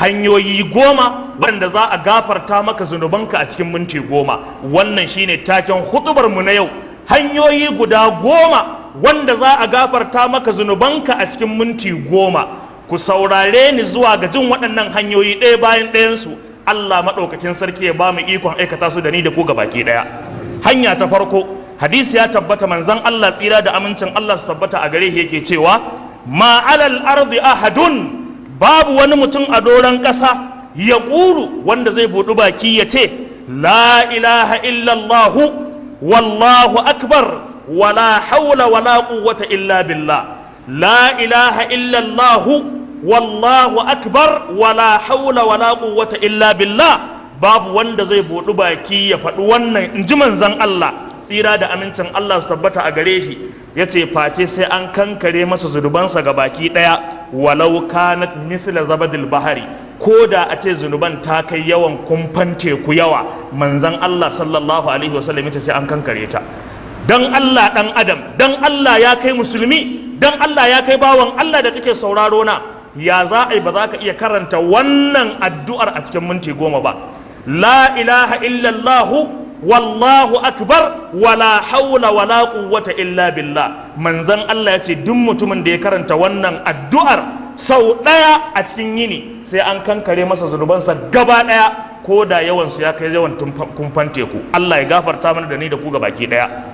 hanyoyi goma wanda za a gafarta maka zunubanka a cikin minti goma wannan shine taken hutubar mu na yau hanyoyi guda goma wanda za a gafarta maka zunubanka a cikin minti goma ku saurare ni zuwa ga jin waɗannan hanyoyi ɗaya bayan ɗayansu Allah maɗaukakin sarki ya ba mu ikon aikata su da ni da ku baki ɗaya hanya ta farko hadisi ya tabbata manzon Allah tsira da amincin Allah su tabbata a gare shi yake cewa ma alal ardi ahadun babu wani mutum a doron ƙasa ya ƙuru wanda zai buɗi baki ya ce la ilaha illallahu wallahu akbar wala haula wala quwwata illa billah la ilaha illallahu wallahu akbar wala haula wala quwwata illa billah babu wanda zai buɗi baki ya faɗi wannan in ji manzon Allah tsira da amincin Allah su tabbata a gare shi ya ce face sai an kankare masa zunubansa ga baki ɗaya walau kanat mithla zabadil bahari ko da a ce zunuban ta kai yawan kumfan teku yawa manzan Allah sallallahu alaihi wasallam ya ce sai an kankare ta dan Allah dan adam dan Allah ya kai musulmi dan Allah ya kai bawan Allah da kake sauraro na ya za a yi ba za ka iya karanta wannan addu'ar a cikin minti goma ba la ilaha illallahu wallahu akbar wala haula wala quwwata illa billah manzon Allah ya ce duk mutumin da ya karanta wannan addu'ar sau daya a cikin yini sai an kankare masa zunubansa gaba daya ko da yawan su ya kai yawan kumfan teku Allah ya gafarta mana da ni da ku baki daya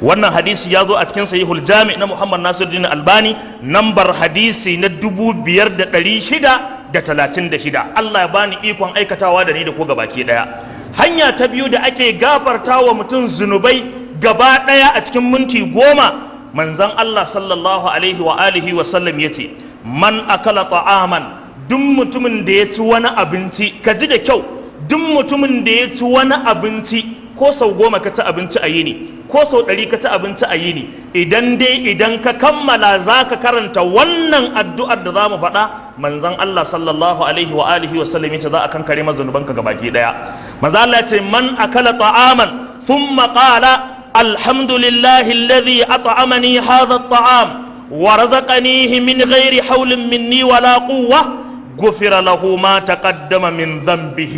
wannan hadisi ya zo a cikin sahihul jami na muhammad nasiruddin albani nambar hadisi na dubu biyar da ɗari shida da talatin da shida allah ya bani ikon aikatawa da ni da ku baki ɗaya hanya ta biyu da ake gafarta wa mutum zunubai gaba ɗaya a cikin minti goma manzan Allah sallallahu alaihi wa alihi wa sallam ya ce man akala ta'aman duk mutumin da ya ci wani abinci ka ji da kyau duk mutumin da ya ci wani abinci ko sau goma ka ci abinci a yini ko sau ɗari ka ci abinci a yini idan dai idan ka kammala za ka karanta wannan addu'ar da za mu faɗa manzan Allah sallallahu alaihi wa alihi wa sallam yace za a kankare mazunubanka gabaki ɗaya manzo Allah ce man akala ta'aman thumma qala alhamdulillahi لله الذي أطعمني هذا الطعام ورزقنيه min غير حول مني ولا قوة غفر له ما تقدم من ذنبه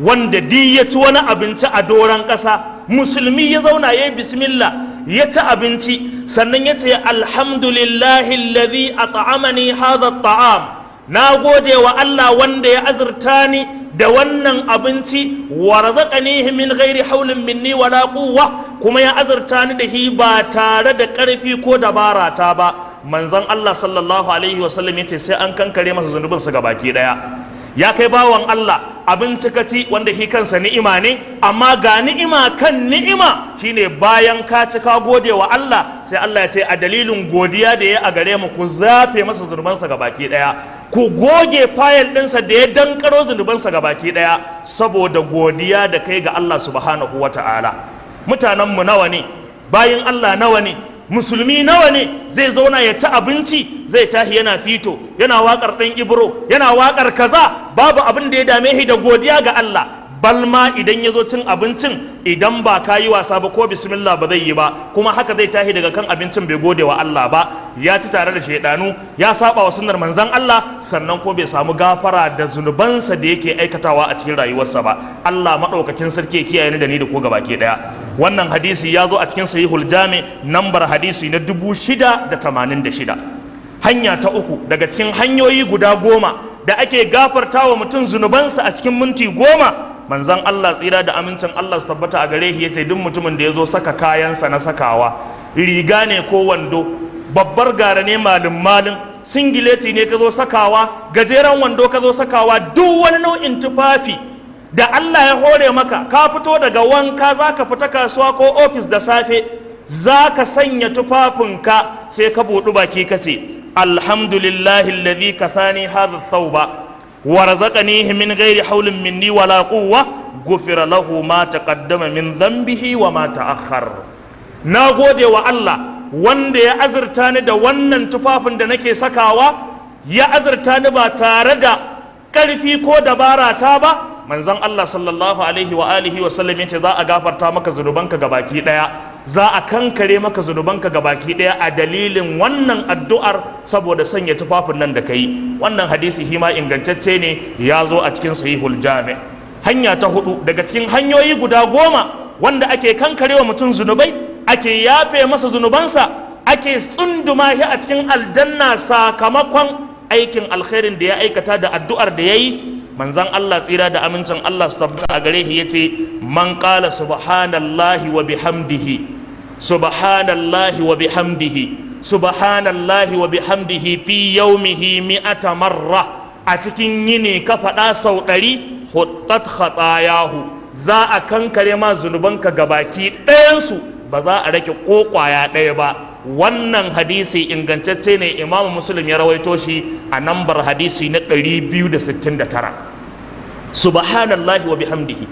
wanda di ya ci wani abinci a doron ƙasa musulmi ya zauna ya yi bismillah ya ci abinci sannan ya ce alhamdulillahi alladhi at'amani hadha ta'am na gode wa Allah wanda ya azurta ni da wannan abinci wa razaqanihi min ghairi hawlin minni wala quwwa kuma ya azurta ni da hi ba tare da ƙarfi ko dabara ta ba manzon Allah sallallahu alaihi wasallam ya ce sai an kankare masa ga baki ɗaya. ya kai bawan Allah abinci ka ci wanda shi kansa ni'ima ne amma ga ni'ima kan ni'ima shine bayan ka ci gode wa Allah sai Allah ya ce a dalilin godiya da ya a gare mu ku zafe masa zunubansa ga baki daya ku goge fayil ɗinsa da ya dankaro zunubansa ga baki daya saboda godiya da kai ga Allah subhanahu wata'ala mutanen mu nawa ne bayan Allah nawa ne musulmi nawa ne zai zauna ya ci abinci zai tashi yana fito yana wakar ɗan ibro yana waƙar kaza babu abin da ya dame shi da godiya ga Allah balma idan ya zo cin abincin idan ba ka yi wasa ba ko bismillah ba zai yi ba kuma haka zai tashi daga kan abincin bai gode wa Allah ba ya ci tare da shaidanu ya saba wa sunnar manzon Allah sannan ko bai samu gafara da zunubansa da yake aikatawa a cikin rayuwarsa ba Allah madaukakin sarki ya kiyaye ni da ni da ko gaba ke daya wannan hadisi ya zo a cikin sahihul jami nambar hadisi na 686 hanya ta uku daga cikin hanyoyi guda goma da ake gafarta wa mutum zunubansa a cikin minti goma manzan Allah tsira da amincin Allah su tabbata a gare shi ya ce duk mutumin da ya zo saka kayansa na sakawa riga ne ko wando babbar gara ne malin malin singileti ne ka zo sakawa gajeren wando ka zo sakawa duk wani nau'in tufafi da Allah ya hore maka ka fito daga wanka za ka fita kasuwa ko ofis da safe za ka sanya tufafinka sai ka buɗu baki ka ce Alhamdu alhamdulillahi alladhi kasani hadha thawba wa razaqanihi min ghairi hawlin minni wala quwwa gufira lahu ma taqaddama min dhanbihi wa ma ta'akhkhar na gode wa Allah wanda ya azurta ni da wannan tufafin da nake sakawa ya azurta ni ba tare da karfi ko dabara ta ba manzon Allah sallallahu alaihi wa alihi wa sallam yace za a gafarta maka zunubanka baki ɗaya? za a kankare maka zunubanka ga baki ɗaya a dalilin wannan addu'ar saboda sanya tufafin nan da ka yi wannan hadisi hima ingantacce ne ya zo a cikin sahihul jami hanya ta hudu daga cikin hanyoyi guda goma wanda ake kankare wa mutum zunubai ake yafe masa zunubansa ake tsunduma a cikin aljanna sakamakon aikin alkhairin da ya aikata da addu'ar da ya yi manzon Allah tsira da amincin Allah su tabbata a gare shi ce man ƙala subhanallahi wa bihamdihi subhanallahi wa bihamdihi subhanallahi wa bihamdihi fi yaumihi mi'ata marra a cikin yini ka faɗa sau ɗari huttat khatayahu za a kankare ma zunubanka gabaki ɗayansu ba za a rake ko ƙwaya ɗaya ba wannan hadisi ingantacce ne imamu muslim ya rawaito shi a nambar hadisi na 269 subhanallahi wa bihamdihi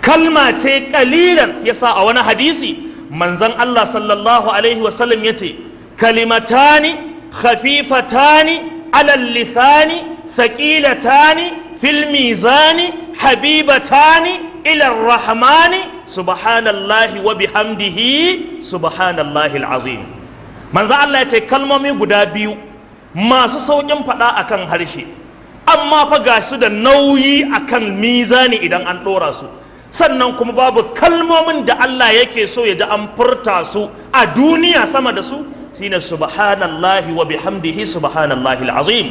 kalma ce kalilan yasa a wani hadisi manzon Allah sallallahu alaihi wasallam ya ce kalimatani khafifatani ni, lisani thaqilatani fil mizani habibatani ila rahmani subhanallahi wa bihamdihi subhanallahi alazim manzo Allah ya ce kalmomi guda biyu masu saukin faɗa akan harshe amma fa ga su da nauyi akan mizani idan an ɗora su sannan kuma babu kalmomin da Allah yake so ya ji an furta su a duniya sama da su shine subhanallahi wa bihamdihi subhanallahi alazim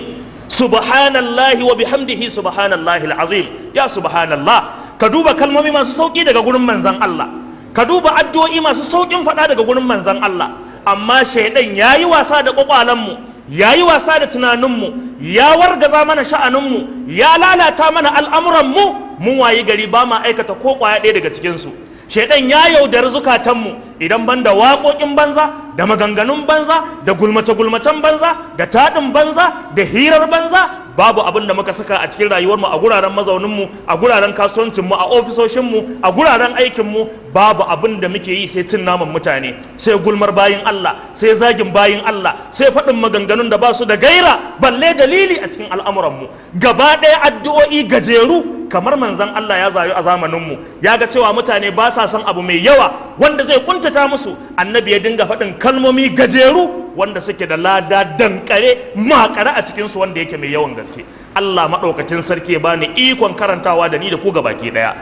subhanallahi wa bihamdihi subhanallahi alazim ya subhanallah ka duba kalmomi masu sauki daga gurin manzan Allah ka duba addu'o'i masu saukin faɗa daga gurin manzan Allah amma shaidan yayi wasa da ƙwaƙwalanmu ya yi wasa da tunaninmu ya wargaza mana sha'aninmu ya lalata mana al'amuranmu mun wayi gari ba ma aikata ko ƙwaya ɗaya daga cikinsu shedan ya yaudari zukatanmu idan ban da waƙoƙin banza da maganganun banza da gulmace-gulmacen banza da taɗin banza da hirar banza babu abin da muka saka a cikin rayuwarmu a guraren mazauninmu a guraren kasuwancinmu a ofisoshinmu a guraren aikinmu babu abin da muke yi sai cin naman mutane sai gulmar bayin Allah sai zagin bayin Allah sai faɗin maganganun da ba su da gaira balle dalili a cikin al'amuranmu gaba ɗaya addu'o'i gajeru kamar manzan Allah ya zayu a zamaninmu ya ga cewa mutane ba sa son abu mai yawa wanda zai kuntata musu annabi ya dinga faɗin kalmomi gajeru wanda suke da lada dankare makare a cikinsu wanda yake mai yawan gaske Allah maɗaukacin sarki ya bani ikon karantawa da ni da ku baki ɗaya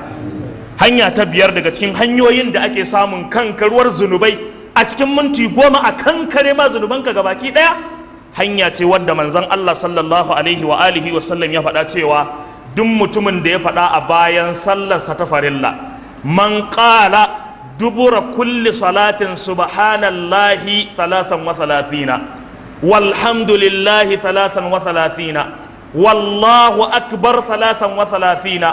hanya ta biyar daga cikin hanyoyin da ake samun kankarwar zunubai a cikin minti goma a kankare ma zunubanka gabaki ɗaya hanya ce wadda manzon Allah sallallahu alaihi wa alihi wa sallam ya faɗa cewa duk mutumin da ya faɗa a bayan sallarsa ta farilla man ƙala dubura kulli salatin subhanallahi salasan wa salafina walhamdulillahi salasan wa wallahu akbar salasan wa salafina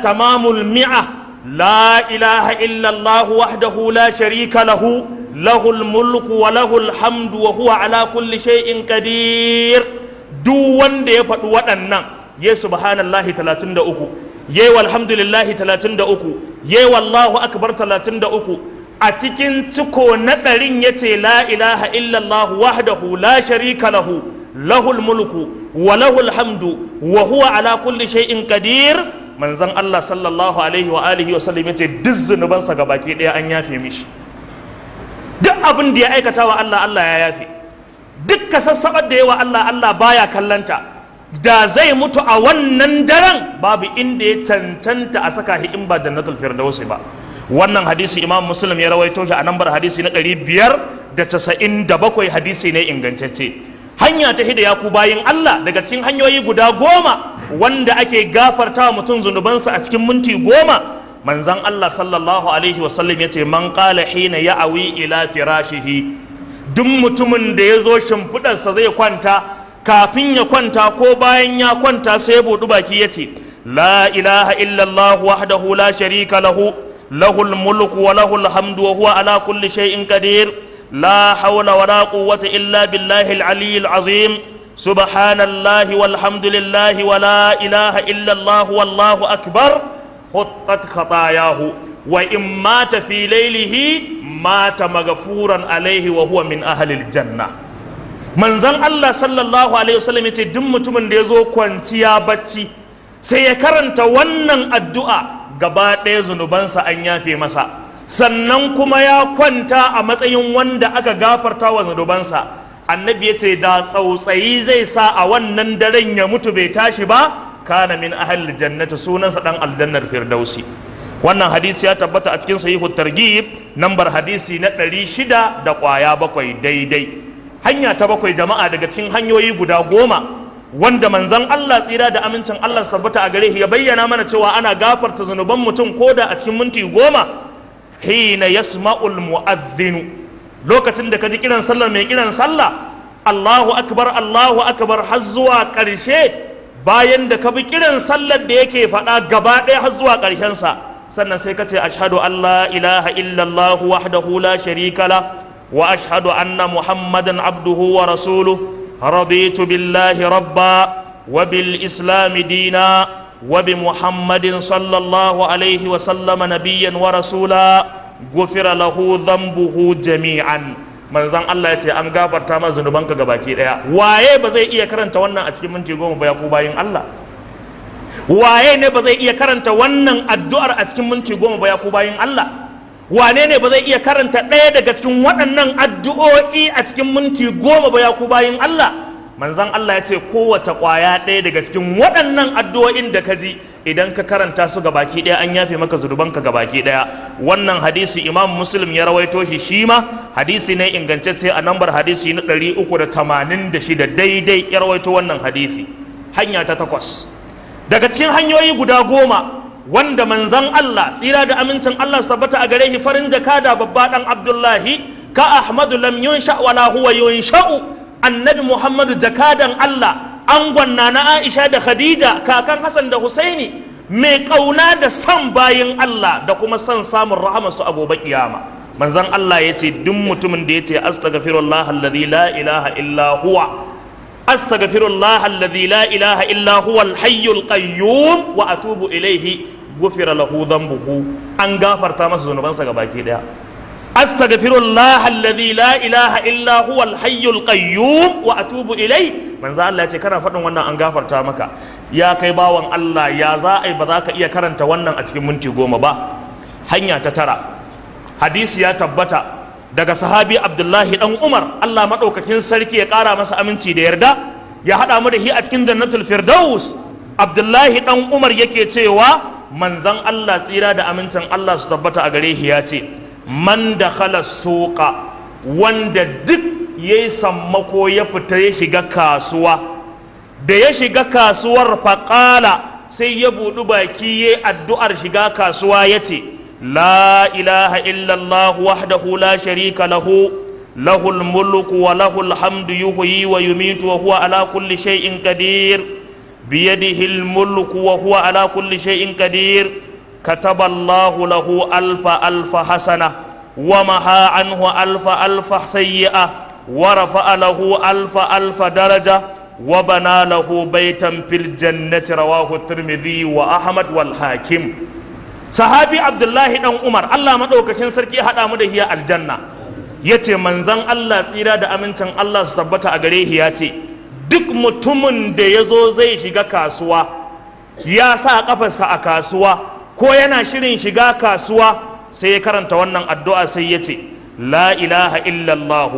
tamamul mi'a la ilaha illallah wahdahu la sharika lahu له الملك وله الحمد وهو ala kulli شيء قدير duk wanda ya faɗi waɗannan ya subhanallahi 33 ya walhamdulillahi 33 ya wallahu akbar 33 a cikin ciko na ɗarin ya ce la ilaha illallah wahdahu la sharika lahu lahul mulku wa lahul hamdu wa huwa ala kulli shay'in qadir manzon Allah sallallahu alaihi wa alihi wa sallam yace duk zunubansa ga baki ɗaya an yafe mishi duk abin da ya aikata wa Allah Allah ya yafe duk kasasabar da yawa Allah Allah baya kallanta da zai mutu a wannan daren babu inda ya cancanta a saka shi in ba jannatul firdausi ba wannan hadisi imam muslim ya rawaito shi a nambar hadisi na ɗari biyar da casa'in da bakwai hadisi ne ingantacce hanya ta hida ya ku bayin allah daga cikin hanyoyi guda goma wanda ake gafarta wa mutum zunubansa a cikin minti goma manzan allah sallallahu alaihi wasallam ya ce man kala hina awi ila firashihi duk mutumin da ya zo shimfiɗarsa zai kwanta kafin ya kwanta ko bayan ya kwanta sai ya budu baki ya ce la ilaha illallah wahdahu la sharika lahu lahul mulku wa lahul hamdu wa huwa ala kulli shay'in qadir la hawla wa la quwwata illa billahi al-ali al-azim subhanallahi walhamdulillahi wa la ilaha illallah wallahu akbar huttat khatayahu wa in mata fi laylihi mata maghfuran alayhi wa huwa min ahli al-jannah manzon Allah sallallahu alaihi wasallam ya ce duk mutumin da ya zo kwanciya bacci sai ya karanta wannan addu'a gaba ɗaya zunubansa an yafe masa sannan kuma ya kwanta a matsayin wanda aka gafarta wa zunubansa annabi ya ce da tsautsayi zai sa a wannan daren ya mutu bai tashi ba kana min ahal jannata sunansa dan aljannar firdausi wannan hadisi ya tabbata a cikin sahihu targhib nambar hadisi na ɗari shida da kwaya bakwai daidai hanya ta bakwai jama'a daga cikin hanyoyi guda goma wanda manzan Allah tsira da amincin Allah su tabbata a gare shi ya bayyana mana cewa ana gafarta zunuban mutum ko da a cikin minti goma hina yasma'ul mu'adhdhin lokacin da ka ji kiran sallar mai kiran sallah Allahu akbar Allahu akbar har zuwa karshe bayan da ka bi kiran sallar da yake faɗa gaba ɗaya har zuwa ƙarshen sa sannan sai ka ce ashhadu an la ilaha illallah wahdahu la sharika واشهد ان محمدا عبده ورسوله رضيت بالله ربا وبالاسلام دينا وبمحمد صلى الله عليه وسلم نبيا ورسولا غفر له ذنبه جميعا manzan Allah ya ce an gafarta ma zunubanka ga baki daya waye ba zai iya karanta wannan a cikin minti goma ba ya ku bayin Allah waye ne ba zai iya karanta wannan addu'ar a cikin minti goma ba ya ku bayin Allah wane ne ba zai iya karanta ɗaya daga cikin waɗannan addu'o'i a cikin minti goma ba ya ku bayin Allah manzan Allah ya ce kowace ƙwaya ɗaya daga cikin waɗannan addu'o'in da ka ji idan ka karanta su ga baki ɗaya an yafe maka zurbanka ga baki ɗaya wannan hadisi imam muslim ya rawaito shi shi ma hadisi ne ingance sai a nambar hadisi na ɗari uku da tamanin da shida daidai ya rawaito wannan hadisi hanya ta takwas daga cikin hanyoyi guda goma wanda manzan Allah tsira da amincin Allah su tabbata a gare shi farin jaka da babba dan Abdullahi ka Ahmadu lam yunsha wala huwa yunsha'u annabi Muhammadu jakadan Allah gwanna na Aisha da Khadija kakan Hassan da Husaini mai kauna da son bayin Allah da kuma san samun rahamar su a gobe kiyama manzan Allah yace duk mutumin da yace ce astaghfirullah alladhi la ilaha illa huwa astaghfirullah alladhi la ilaha illa huwa alhayyul qayyum wa atubu ilaihi gufira lahu dhanbuhu an gafarta masa zunubansa gabaki daya astaghfirullah alladhi la ilaha illa huwa alhayyul qayyum wa atubu ilai manzo Allah ce kana faɗin wannan an gafarta maka ya kai bawan Allah ya za ai ba za ka iya karanta wannan a cikin minti goma ba hanya ta tara Hadisu ya tabbata daga sahabi abdullahi dan umar allah maɗaukakin sarki ya ƙara masa aminci da yarda ya haɗa mu da shi a cikin jannatul firdaus abdullahi dan umar yake cewa manzan allah tsira da amincin allah su tabbata a gare shi ya ce man da suqa wanda duk ya yi sammako ya fita ya shiga kasuwa da ya shiga kasuwar faƙala sai ya buɗi baki ya addu'ar shiga kasuwa ya ce لا إله إلا الله وحده لا شريك له له الملك وله الحمد يحيي ويميت وهو على كل شيء قدير بيده الملك وهو على كل شيء قدير كتب الله له ألف ألف حسنة ومحى عنه ألف ألف سيئة ورفع له ألف ألف درجة وبنى له بيتا في الجنة رواه الترمذي وأحمد والحاكم sahabi abdullahi dan umar allah maɗaukakin sarki ya haɗa mu da hiya aljanna ya ce manzan allah tsira da amincin allah su tabbata a gare ya ce duk mutumin da ya zo zai shiga kasuwa ya sa ƙafarsa a kasuwa ko yana shirin shiga kasuwa sai ya karanta wannan addu'a sai ya ce la ilaha illallah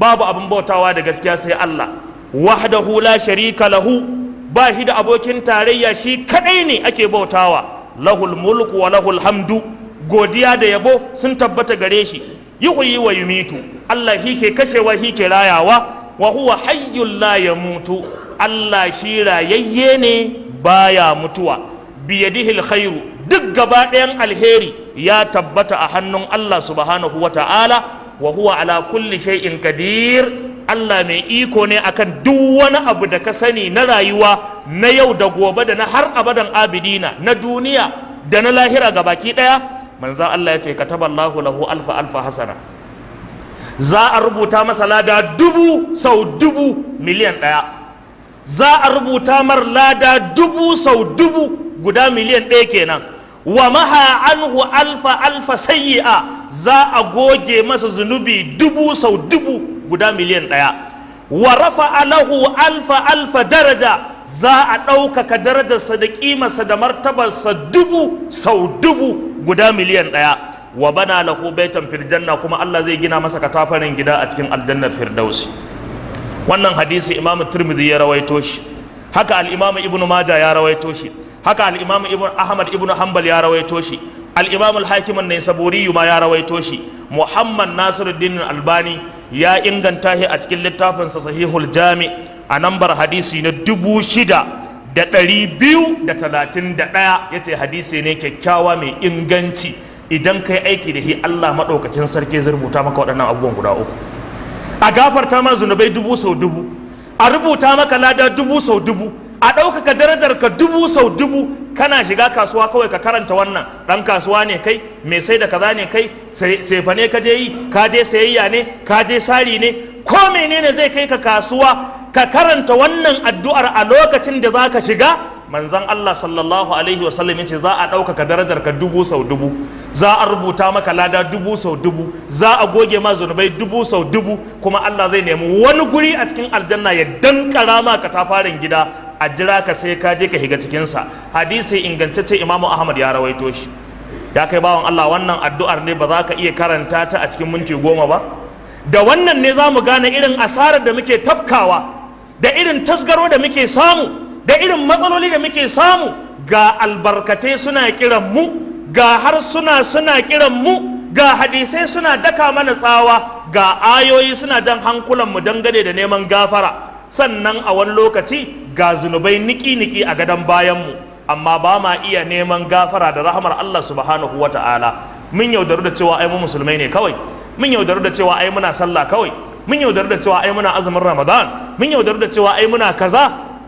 babu abin bautawa da gaskiya sai allah wahdahu la sharika lahu ba shi da abokin tarayya shi kadai ne ake bautawa lahul mulku wa lahul hamdu godiya da yabo sun tabbata gare shi yuhyi wa yumitu Allah shi ke kashewa shi ke rayawa wa huwa hayyul la yamutu Allah shi rayayye ne baya mutuwa biyadihi khairu duk gaba ɗayan alheri ya tabbata a hannun Allah subhanahu wa ta'ala wa huwa ala kulli shay'in qadir Allah mai iko ne akan duk wani abu da ka sani na rayuwa na yau da gobe da na har abadan abidina na duniya da na lahira ga baki ɗaya manzo Allah ya ce ka Allahu lahu alfa alfa hasana za a rubuta masa lada dubu sau dubu miliyan ɗaya. za a rubuta mar lada dubu sau dubu guda miliyan ɗaya kenan wa maha anhu alfa alfa sayyi'a za a goge masa zunubi dubu sau dubu guda miliyan ɗaya wa rafa alahu alfa alfa daraja za a ɗaukaka darajarsa da ƙimarsa da martabarsa dubu sau dubu guda miliyan ɗaya wa bana lahu baitan fil kuma Allah zai gina masa katafaren gida a cikin aljannar firdausi wannan hadisi imamu tirmidhi ya rawaito shi haka al-imamu ibnu maja ya rawaito shi haka al ibnu ahmad ibnu hanbal ya rawaito shi al-imamu al-hakim an-naisaburi ma ya rawaito shi muhammad nasiruddin albani ya inganta shi a cikin littafinsa sahihul jami a nambar hadisi na dubu shida da ɗari biyu da talatin da ɗaya ya ce hadisi ne kyakkyawa mai inganci idan ka aiki da shi Allah maɗaukacin sarki zai rubuta maka waɗannan abubuwan guda uku a gafarta ma zunubai dubu sau dubu a rubuta maka lada dubu sau dubu a ɗaukaka darajar ka dubu sau dubu kana shiga kasuwa kawai ka karanta wannan ɗan kasuwa ne kai mai sai da kaza ne kai sefa ne ka je yi ka je sayayya ne ka je sari ne ko menene zai kai ka kasuwa ka karanta wannan addu'ar a lokacin da za ka shiga manzon Allah sallallahu alaihi wasallam yace za a ɗaukaka darajar ka dubu sau dubu za a rubuta maka lada dubu sau dubu za a goge ma zunubai dubu sau dubu kuma Allah zai nemi wani guri a cikin aljanna ya dankara ma ka tafarin gida a jira ka sai ka je ka higa cikinsa hadisi ingantacce imamu ahmad ya rawaito shi ya kai bawan allah wannan addu'ar ne ba za ka iya karanta ta a cikin minti goma ba da wannan ne za mu gane irin asarar da muke tafkawa da irin tasgaro da muke samu da irin matsaloli da muke samu ga albarkatai suna kiran mu ga harsuna suna kiran mu ga hadisai suna daka mana tsawa ga ayoyi suna jan hankulan mu dangane da neman gafara sannan a wani lokaci ga zunubai niki-niki a gadon bayanmu amma ba ma iya neman gafara da rahamar Allah subhanahu wa ta'ala mun yaudaru da cewa ai mu musulmai ne kawai mun yaudaru da cewa ai muna sallah kawai mun yaudaru da cewa ai muna azumin ramadan mun yaudaru da cewa ai muna kaza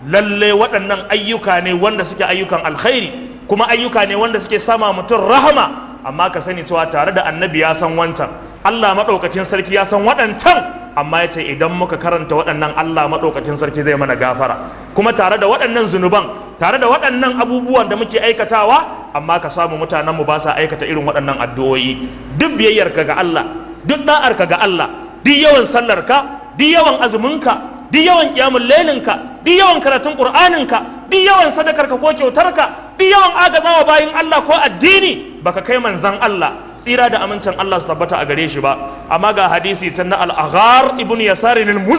lalle waɗannan ayyuka ne wanda suke ayyukan alkhairi kuma ayyuka ne wanda suke sama mutum rahama amma ka sani cewa tare da annabi ya san wancan Allah maɗaukacin sarki ya san waɗancan amma ya ce idan muka karanta waɗannan Allah maɗaukacin sarki zai mana gafara kuma tare da waɗannan zunuban tare da waɗannan abubuwan da muke aikatawa amma ka samu mutanen mu ba sa aikata irin waɗannan addu'o'i duk biyayyar ka ga Allah duk da'ar ka ga Allah duk yawan sallar ka duk yawan azumin ka duk yawan kiyamul lailin ka duk yawan karatun qur'anin ka duk yawan sadakar ka ko kyautar ka duk yawan agazawa bayan Allah ko addini baka kai manzan Allah tsira da amincin Allah su tabbata a gare shi ba amma ga hadisi can na al-aghar ibn yasar